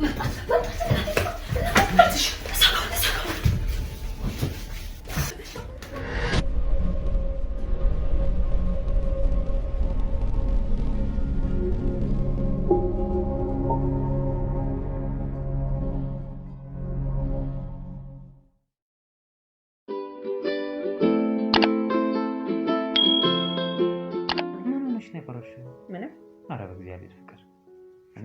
待って。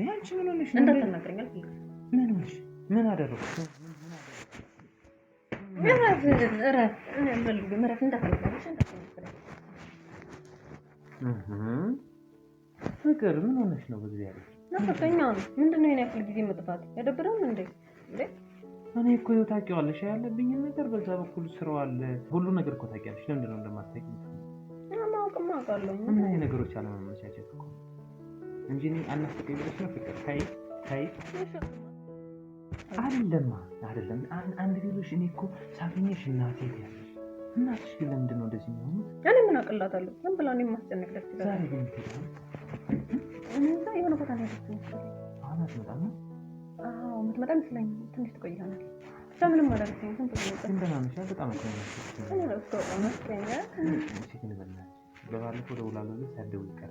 እንዴ አንቺ ምን ሆነሽ? እንዳትናገረኝ አልኩኝ። ምን ሆነሽ? ምን አደረኩሽ? ፍቅር ምን ሆነሽ ነው? በእግዚአብሔር ናፈቀኝ። ምንድን ነው የኔ ያክል ጊዜ መጥፋት ያደብረም እንዴ? እኔ እኮ ይኸው ታውቂዋለሽ፣ ያለብኝን ነገር በዛ በኩል ስራው አለ፣ ሁሉ ነገር እኮ ታውቂያለሽ። ለምንድን ነው እንደማታውቂ? ማወቅም አውቃለሁ እና የነገሮች አለመመቻቸት እኮ እንጂ አናስቀኝ ብለሽ ነው ፍቅር ታይ ታይ አይደለም አይደለም። አንድ ሌሎች እኔ እኮ ሳገኘሽ እናቴ ያለሽ እናትሽ ግን ለምንድን ነው እንደዚህ የሚሆኑት? እኔ ምን አቅላታለሁ? ዝም ብላ እኔ የማስጨንቅ ደስ ይላል። ዛሬ ግን የሆነ ቦታ ላይ አሁን አትመጣም ነው? አዎ የምትመጣ ይመስለኛል። ትንሽ ትቆያለሽ። ምንም አላደረገኝም። ዝም ብሎ ነሽ በጣም በባለፈው ደውላለሁ ሲያደው ይቀር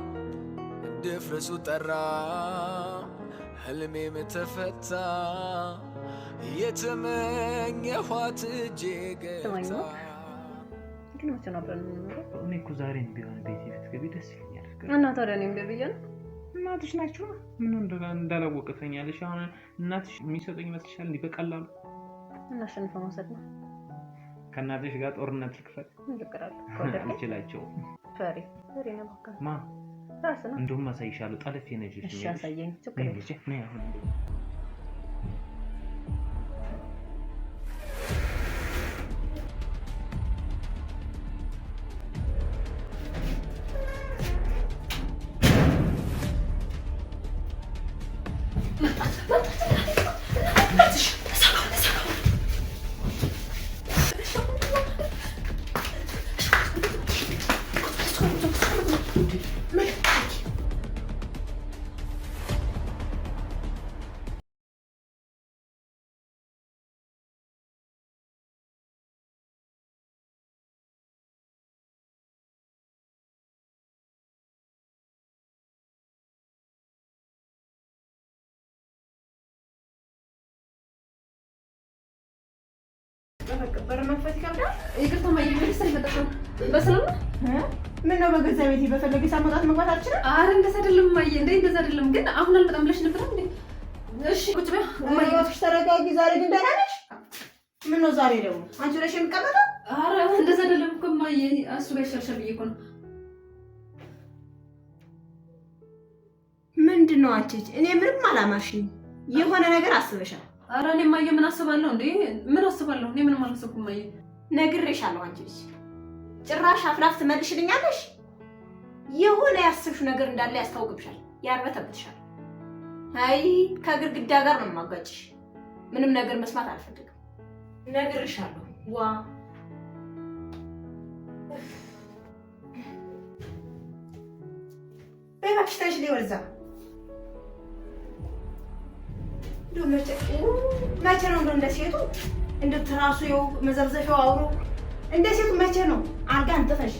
ድፍረሱ ጠራ ህልሜም ተፈታ የተመኘኋት እጄ ገታ። እኔ ቢሆን ቤት ብትገቢ ደስ ይለኛል። እና ታዲያ እኔም ነው እናትሽ ናቸው። ምን እንዳላወቀ ተኛለሽ። አሁን እናትሽ የሚሰጠኝ ይመስልሻል? እንዲህ በቀላሉ እናሸንፈ መውሰድ ነው። ከእናትሽ ጋር ጦርነት ይችላቸው ፈሪ ነው። በቃ ማ እንደውም አሳይሻለሁ። ጠለፍ የነጀሽ ነው። እሺ አሳየኝ። ችግር የለም። ምን ነው በገዛ ቤቴ በፈለገ ሳመጣት መግባት አልችልም። አረ እንደዛ አይደለም ማየ እንደ እንደዛ አይደለም ግን አሁን አልመጣም ብለሽ ነበር እንዴ? እሺ ቁጭ በይ እማዬ፣ እባክሽ ተረጋጊ። ዛሬ ግን ደህና ነሽ? ምን ነው ዛሬ ደግሞ አንቺ ብለሽ የምትቀመጠው? አረ እንደዛ አይደለም እኮ ማየ፣ እሱ ጋር ይሻልሻል ብዬሽ እኮ ነው። ምንድን ነው አንቺ? እኔ ምንም አላማሽኝ። የሆነ ነገር አስበሻል ኧረ እኔ እማዬ ምን አስባለሁ እንዴ? ምን አስባለሁ? እኔ ምንም አላሰብኩም እማዬ። ነግሬሻለሁ። አንቺ ልጅ ጭራሽ አፍላፍ ትመልሽልኛለሽ። የሆነ ያሰብሽው ነገር እንዳለ ያስታውቅብሻል፣ ያርበተብትሻል። አይ ከግድግዳ ጋር ነው የማጋጭሽ። ምንም ነገር መስማት አልፈልግም። ነግሬሻለሁ። ዋ በይ እባክሽ ተነሽ፣ ወደ እዛ መቼ ነው እንደ ሴቱ እንደ ትራሱ ይኸው መዘብዘፊያው አውሮ እንደ ሴቱ መቼ ነው አልጋ አንጥፈሽ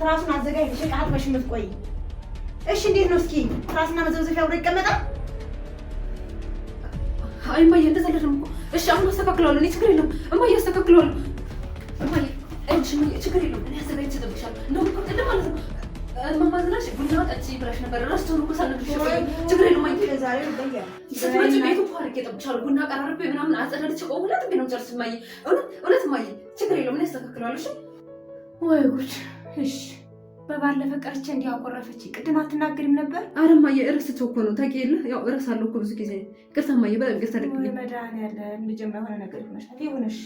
ትራሱን አዘጋጅተሽ ዕቃ አጥበሽ የምትቆይ? እሺ እንዴት ነው እስኪ ትራስና መዘብዘፊያ አብሮ ይቀመጣል? አይ እማዬ እንደዛ አይደለም እኮ። እሺ አሁን አስተካክለዋለሁ፣ እኔ ችግር የለም እማዬ፣ አስተካክለዋለሁ እማዬ። እሺ እማዬ፣ ችግር የለም እኔ አዘጋጅቼ እጠብቅሻለሁ። እንደውም እኮ ቅድም ማለት ነው ማማዝናሽ ቡና ጠጪ ብላሽ ነበር። ረስቶን እኮ ሳልነግርሽ ችግር የለውም። አየህ ዛሬ ስትመጪ ቤቱ እኮ አድርጌ ጠብቻለሁ። ቡና ቀራርቤ ምናምን አጸዳድቼ ቆይ ሁለት ነው የምጨርስ። እማዬ እውነት እማዬ፣ ችግር የለውም እኔ አስተካክለዋለሁ። ወይ ጉድ! እሺ በባለፈ ቀርቼ እንዲህ አቆረፈች። ቅድም አትናገሪም ነበር? ኧረ እማዬ እረስቼው እኮ ነው ታውቂ ያው እረሳለሁ እኮ ብዙ ጊዜ። ይቅርታ እማዬ፣ በጣም ይቅርታ። ደግልኝ መድኃኒዓለም ልጅማ የሆነ ነገር ይመስላል ይሁንሽ።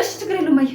እሺ ችግር የለውም እማዬ